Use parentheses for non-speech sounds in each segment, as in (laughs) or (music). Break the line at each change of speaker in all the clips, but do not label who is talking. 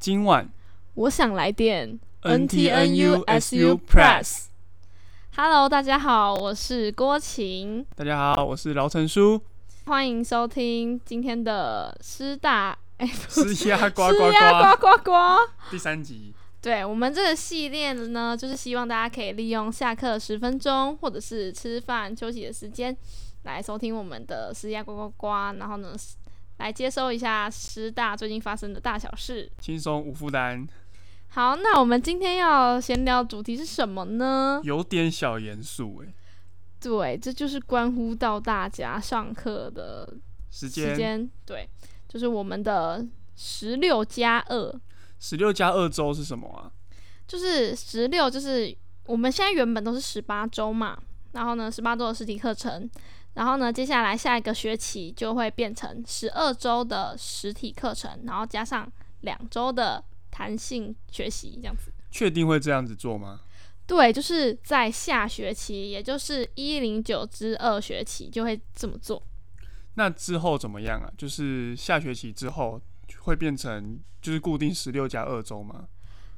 今晚
我想來點。NTNU SU Press。Hello，大家好，我是郭晴。
大家好，我是饒成書。
歡迎收聽今天的師大，欸
不是，獅鴨呱呱呱呱呱呱第三集。
對，我們這個系列的呢，就是希望大家可以利用下課十分鐘，或者是吃飯休息的時間，來收聽我們的獅鴨呱呱呱。然後呢，來接收一下師大最近發生的大小事，
輕鬆無負擔。
好，那我們今天要閒聊主題是什麼呢？有
點小嚴肅誒。
對，這就是關乎到大家上課的
時間。時間
對，就是我們的十六加二。
十六加二週是什麼啊？
就是十六，就是我們現在原本都是十八週嘛，然後呢，十八週的實體課程。然後呢，接下來下一個學期就會變成十二周的實體課程，然後加上兩周的彈性學習，這樣子。
確定會這樣子做嗎？
對，就是在下學期，也就是一零九之二學期就會這麼做。
那之後怎麼樣啊？就是下學期之後會變成就是固定十六加二周嗎？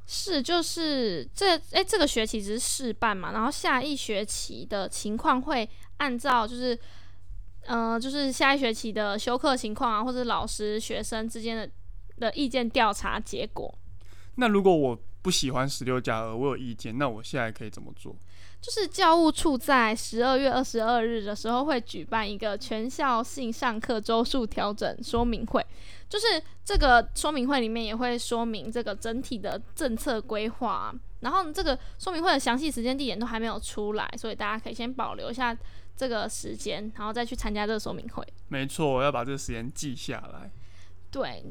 是，就是這誒、欸，這個學期只是試辦嘛，然後下一學期的情況會，按照就是，嗯、呃，就是下一學期的休課情況啊，或者老師、學生之間的的意見調查結果。
那如果我不喜歡十六加二，我有意見，那我現在可以怎麼做？
就是教務處在十二月二十二日的時候會舉辦一個全校性上課週數調整說明會，就是這個說明會裡面也會說明這個整體的政策規劃啊。然後這個說明會的詳細時間地點都還沒有出來，所以大家可以先保留一下這個時間，然後再去參加這個說明
會。沒錯，我要把這個時間記下來。
對。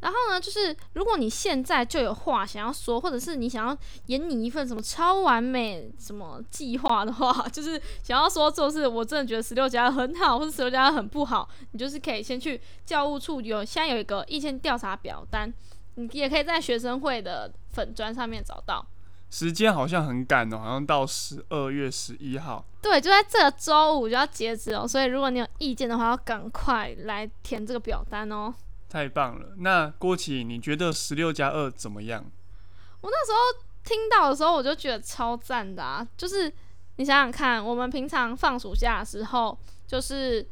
然後呢，就是如果你現在就有話想要說，或者是你想要研擬一份什麼超完美什麼計劃的話，就是想要說，做是我真的覺得十六加很好，或者十六加很不好，你就是可以先去教務處有，現在有一個意見調查表單。你也可以在學生會的粉專上面找到。
時間好像很趕喔，好像到十二月十一號。
對，就在這個周五就要截止喔，所以如果你有意見的話，要趕快來填這個表單喔。
太棒了！那郭琪，你覺得十六加二怎麼樣？
我那時候聽到的時候，我就覺得超讚的啊！就是你想想看，我們平常放暑假的時候，就是。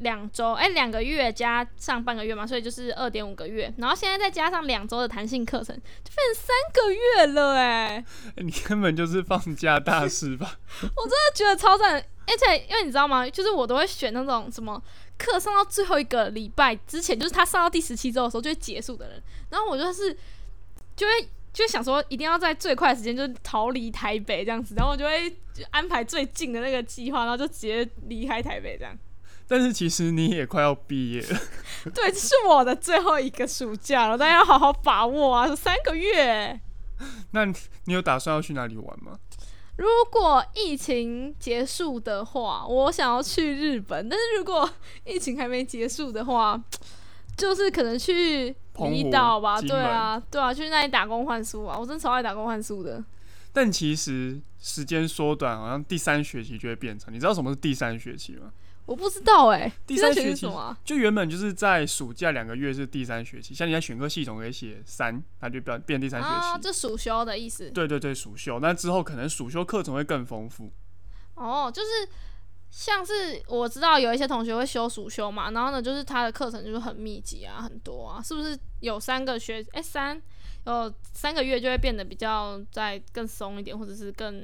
兩週，哎、欸，兩個月加上半個月嘛，所以就是二點五個月。然後現在再加上兩週的彈性課程，就變成三個月了、欸，
哎。你根本就是放假大師吧？
(laughs) 我真的覺得超讚，而、欸、且因為你知道嗎？就是我都會選那種什麼課上到最後一個禮拜之前，就是他上到第十七周的時候就會結束的人。然後我就是就會就會想說一定要在最快的時間就是逃離台北這樣子，然後我就會安排最近的那個計劃，然後就直接離開台北這樣。
但是其實你也快要畢業了，
對，這是我的最後一個暑假了，大 (laughs) 家要好好把握啊！三個月、欸，
那你有打算要去哪裡玩嗎？
如果疫情結束的話，我想要去日本。但是如果疫情還沒結束的話，就是可能去離島吧。對啊，對啊，去那裡打工換宿啊！我真超愛打工換宿的。
但其實時間縮短，好像第三學期就會變長。你知道什麼是第三學期嗎？我不知道哎，第三學期什麼？就原本就是在暑假兩個月是第三學期，像你在選課系統可以寫三，它就變變第三學期，啊，這
暑修的意思。對
對對，暑修，那之後可能暑修課程會更豐富。
哦，就是像是我知道有一些同學會修暑修嘛，然後呢，就是他的課程就是很密集啊，很多啊，是不是有三個學？哎，三有三個月就會變得比較再更鬆一點，或者是更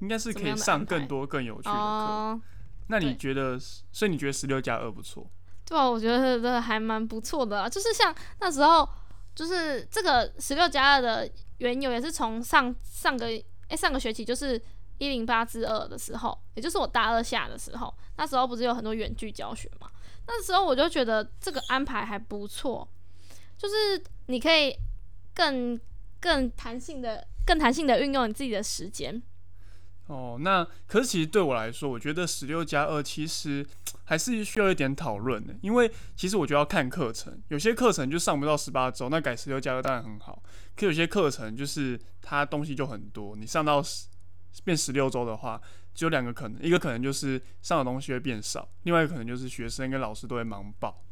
應該是可以上更多更有趣的課。那你覺得，所以你覺得十六加二不錯？
對啊，我覺得這個真的還蠻不錯的啊。就是像那時候，就是這個十六加二的緣由，也是從上上個誒、欸，上個學期，就是一零八之二的時候，也就是我大二下的時候，那時候不是有很多遠距教學嘛？那時候我就覺得這個安排還不錯，就是你可以更更彈性的、更彈性的運用你自己的時間。
哦，那可是其實對我來說，我覺得十六加二其實還是需要一點討論的，因為其實我覺得要看課程，有些課程就上不到十八週，那改十六加二當然很好，可有些課程就是它東西就很多，你上到十變十六週的話，只有兩個可能，一個可能就是上的東西會變少，另外一個可能就是學生跟老師都會忙爆。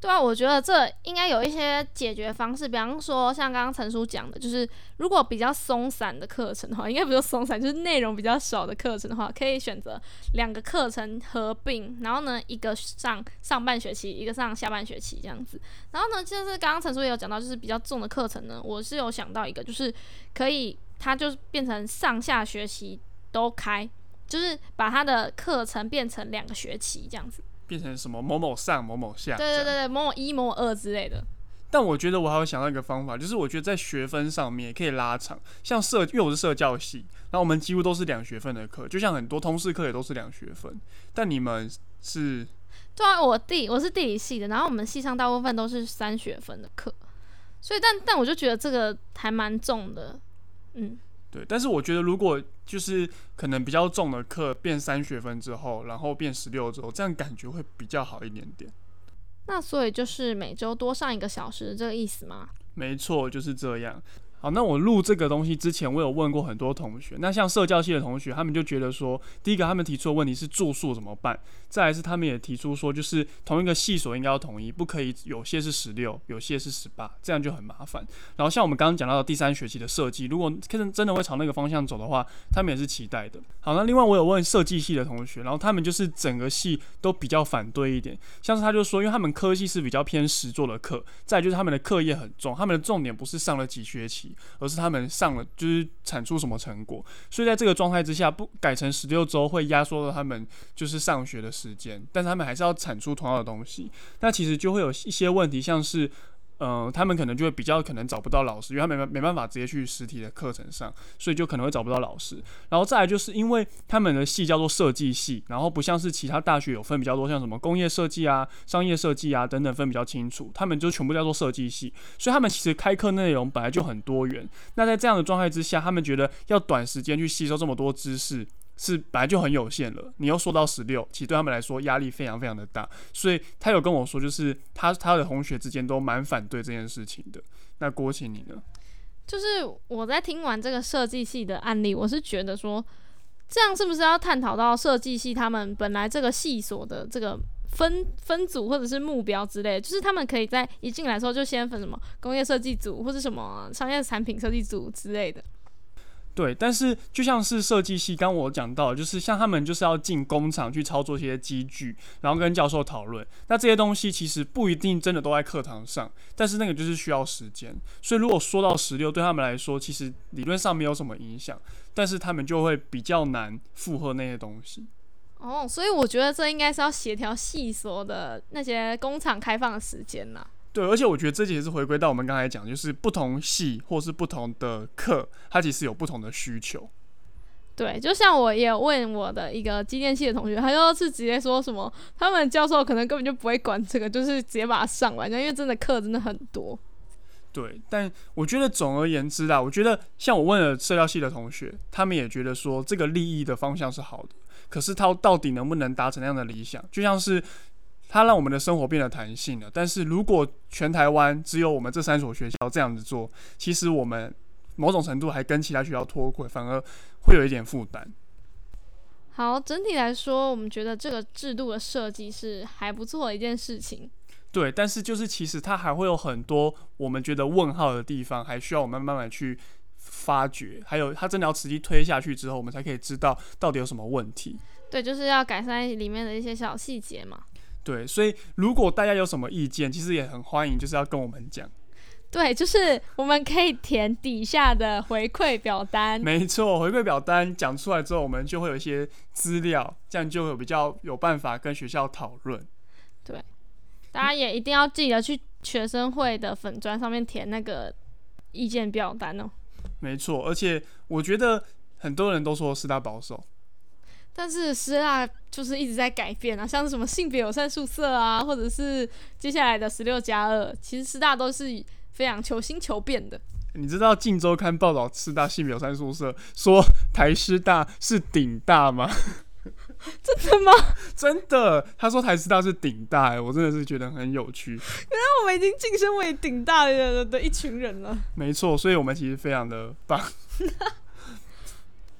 對啊，我覺得這應該有一些解決方式，比方說像剛剛陳叔講的，就是如果比較鬆散的課程的話，應該不是鬆散，就是內容比較少的課程的話，可以選擇兩個課程合併，然後呢，一個上上半學期，一個上下半學期這樣子。然後呢，就是剛剛陳叔也有講到，就是比較重的課程呢，我是有想到一個，就是可以它就是變成上下學期都開，就是把它的課程變成兩個學期這樣子。
變成什麼某某上某某下？對
對對對，某某一某某二之類的。
但我覺得我還有想到一個方法，就是我覺得在學分上面也可以拉長，像社，因為我是社教系，然後我們幾乎都是兩學分的課，就像很多通識課也都是兩學分。但你們是？
對啊，我地我是地理系的，然後我們系上大部分都是三學分的課，所以但但我就覺得這個還蠻重的，嗯。
對，但是我覺得如果就是可能比較重的課變三學分之後，然後變十六週，這樣感覺會比較好一點點。
那所以就是每週多上一個小時，這個意思
嗎？沒錯，就是這樣。好，那我錄這個東西之前，我有問過很多同學。那像社教系的同學，他們就覺得說，第一個他們提出的問題是住宿怎麼辦？再來是他們也提出說，就是同一個系所應該要統一，不可以有些是十六，有些是十八，這樣就很麻煩。然後像我們剛剛講到的第三學期的設計，如果真的會朝那個方向走的話，他們也是期待的。好，那另外我有問設計系的同學，然後他們就是整個系都比較反對一點，像是他就是說，因為他們科系是比較偏實作的課，再來就是他們的課業很重，他們的重點不是上了幾學期。而是他們上了就是產出什麼成果，所以在這個狀態之下，不改成十六週會壓縮了他們就是上學的時間，但是他們還是要產出同樣的東西，那其實就會有一些問題，像是。呃、嗯，他們可能就會比較可能找不到老師，因為他沒沒沒辦法直接去實體的課程上，所以就可能會找不到老師。然後再來就是因為他們的系叫做設計系，然後不像是其他大學有分比較多，像什麼工業設計啊、商業設計啊等等分比較清楚，他們就全部叫做設計系，所以他們其實開課內容本來就很多元。那在這樣的狀態之下，他們覺得要短時間去吸收這麼多知識，是本來就很有限了，你又說到十六，其實對他們來說，壓力非常非常的大，所以他有跟我說，就是他他的同學之間都蠻反對這件事情的。那郭晴你呢？
就是我在聽完這個設計系的案例，我是覺得說，這樣是不是要探討到設計系他們本來這個系所的這個分分組或者是目標之類的，就是他們可以在一進來的時候就先分什麼工業設計組或者什麼商業產品設計組之類的。
對，但是就像是設計系，剛剛我講到，就是像他們就是要進工廠去操作一些機具，然後跟教授討論。那這些東西其實不一定真的都在課堂上，但是那個就是需要時間。所以如果說到十六，對他們來說，其實理論上沒有什麼影響，但是他們就會比較難負荷那些東西。
哦，所以我覺得這應該是要協調細說的那些工廠開放的時間呢、啊。
對，而且我覺得這其實是回歸到我們剛才講，就是不同系或是不同的課，它其實有不同的需求。
對，就像我也問我的一個機電系的同學，他就是直接說什麼，他們教授可能根本就不會管這個，就是直接把它上完，因為真的課真的很多。
對，但我覺得總而言之啦，我覺得像我問了社交系的同學，他們也覺得說這個利益的方向是好的，可是他到底能不能達成那樣的理想，就像是。它讓我們的生活變得彈性了。但是如果全台灣只有我們這三所學校這樣子做，其實我們某種程度還跟其他學校脫軌，反而會有一點負擔。
好，整體來說，我們覺得這個制度的設計是還不錯的一件事情。
對，但是就是其實它還會有很多我們覺得問號的地方，還需要我們慢慢來去發掘。還有，它真的要持續推下去之後，我們才可以知道到底有什麼問題。
對，就是要改善裡面的一些小細節嘛。
對，所以如果大家有什麼意見，其實也很歡迎，就是要跟我們講。
對，就是我們可以填底下的回饋表單。沒
錯，回饋表單講出來之後，我們就會有一些資料，這樣就會比較有辦法跟學校討論。
對，大家也一定要記得去學生會的粉專上面填那個意見表單哦。嗯，
沒錯，而且我覺得很多人都說師大保守。
但是師大就是一直在改變啊，像是什麼性別友善宿舍啊，或者是接下來的十六加二，其實師大都是非常求新求變
的。你知道《鏡週刊》報道師大性別友善宿舍，說台師大是頂大嗎？真的嗎？ (laughs) 真的，他說台師大是頂大欸，我真的是覺得很有趣。
原來我們已經晉升為頂大的的一群人了。
沒錯，所以我們其實非常的棒。 (laughs)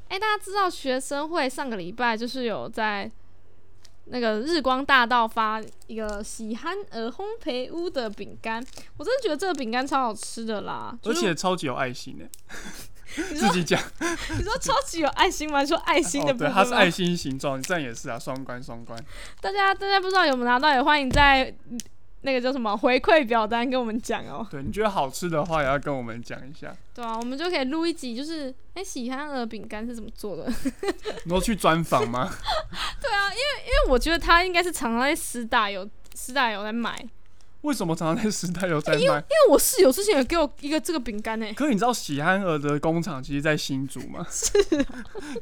哎、欸，大家知道學生會上個禮拜就是有在那個日光大道發一個喜憨兒烘焙屋的餅乾，我真的覺得這個餅乾超好吃的啦、就是，而且
超級有愛心呢、欸。你 (laughs)
自己講講笑你說， (laughs) 你說超級有愛心嗎？說愛心的，哦、對，它是愛心
形狀，你這樣也是啊，雙關雙關。
大家大家不知道有沒有拿到也歡迎在。那個叫什麼回饋表單，跟我們講哦、喔。對，
你覺得好吃的話也要跟我們講一下。
對啊，我們就可以錄一集，就是哎、欸、喜憨兒餅乾是怎麼做的。能
夠去專訪嗎？
對啊，因為因為我覺得他應該是常常在師大有，師大有在賣。
為什麼常常在師大有在賣、欸？
因為我室友之前有給我一個這個餅乾誒。
可你知道喜憨兒的工廠其實在新竹嗎？是。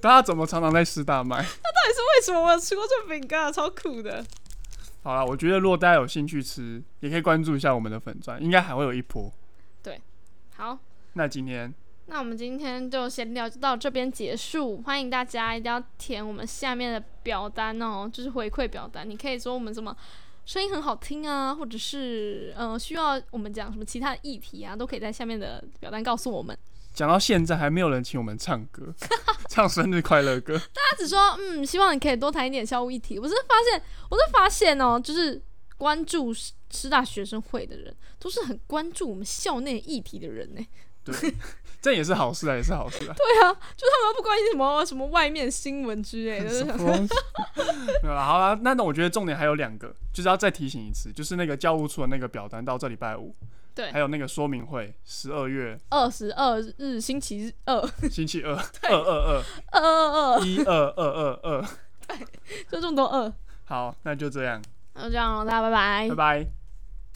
大家怎麼常常在師大賣？
那到底是為什麼我有吃過這餅乾啊，超苦的。
好啦，我覺得如果大家有興趣吃，也可以關注一下我們的粉專，應該還會有一波。
對，好，
那今天，
那我們今天就先聊到這邊結束，歡迎大家一定要填我們下面的表單哦、喔，就是回饋表單，你可以說我們什麼聲音很好聽啊，或者是嗯、呃、需要我們講什麼其他的議題啊，都可以在下面的表單告訴我們。
講到現在還沒有人請我們唱歌。 (laughs) 唱生日快樂歌。
大 (laughs) 家只說嗯，希望你可以多談一點校務議題。我是發現，我是發現哦，就是關注師師大學生會的人，都是很關注我們校內議題的
人呢。對， (laughs) 這也是好事啊，也是好事啊。 (laughs)
對啊，就他們不關心什麼什麼外面新聞之類的。 (laughs) 東西
(laughs) 沒有啦，好了，那那我覺得重點還有兩個，就是要再提醒一次，就是那個教務處的那個表單，到這禮拜五。對，還有那個說明會，十二月
二十二日星期二，星期二， (laughs) 二二二對二二二，一二
二二二，
(laughs) 就這麼多二。
好，那就這樣。
那就這樣了，大家拜拜。拜拜。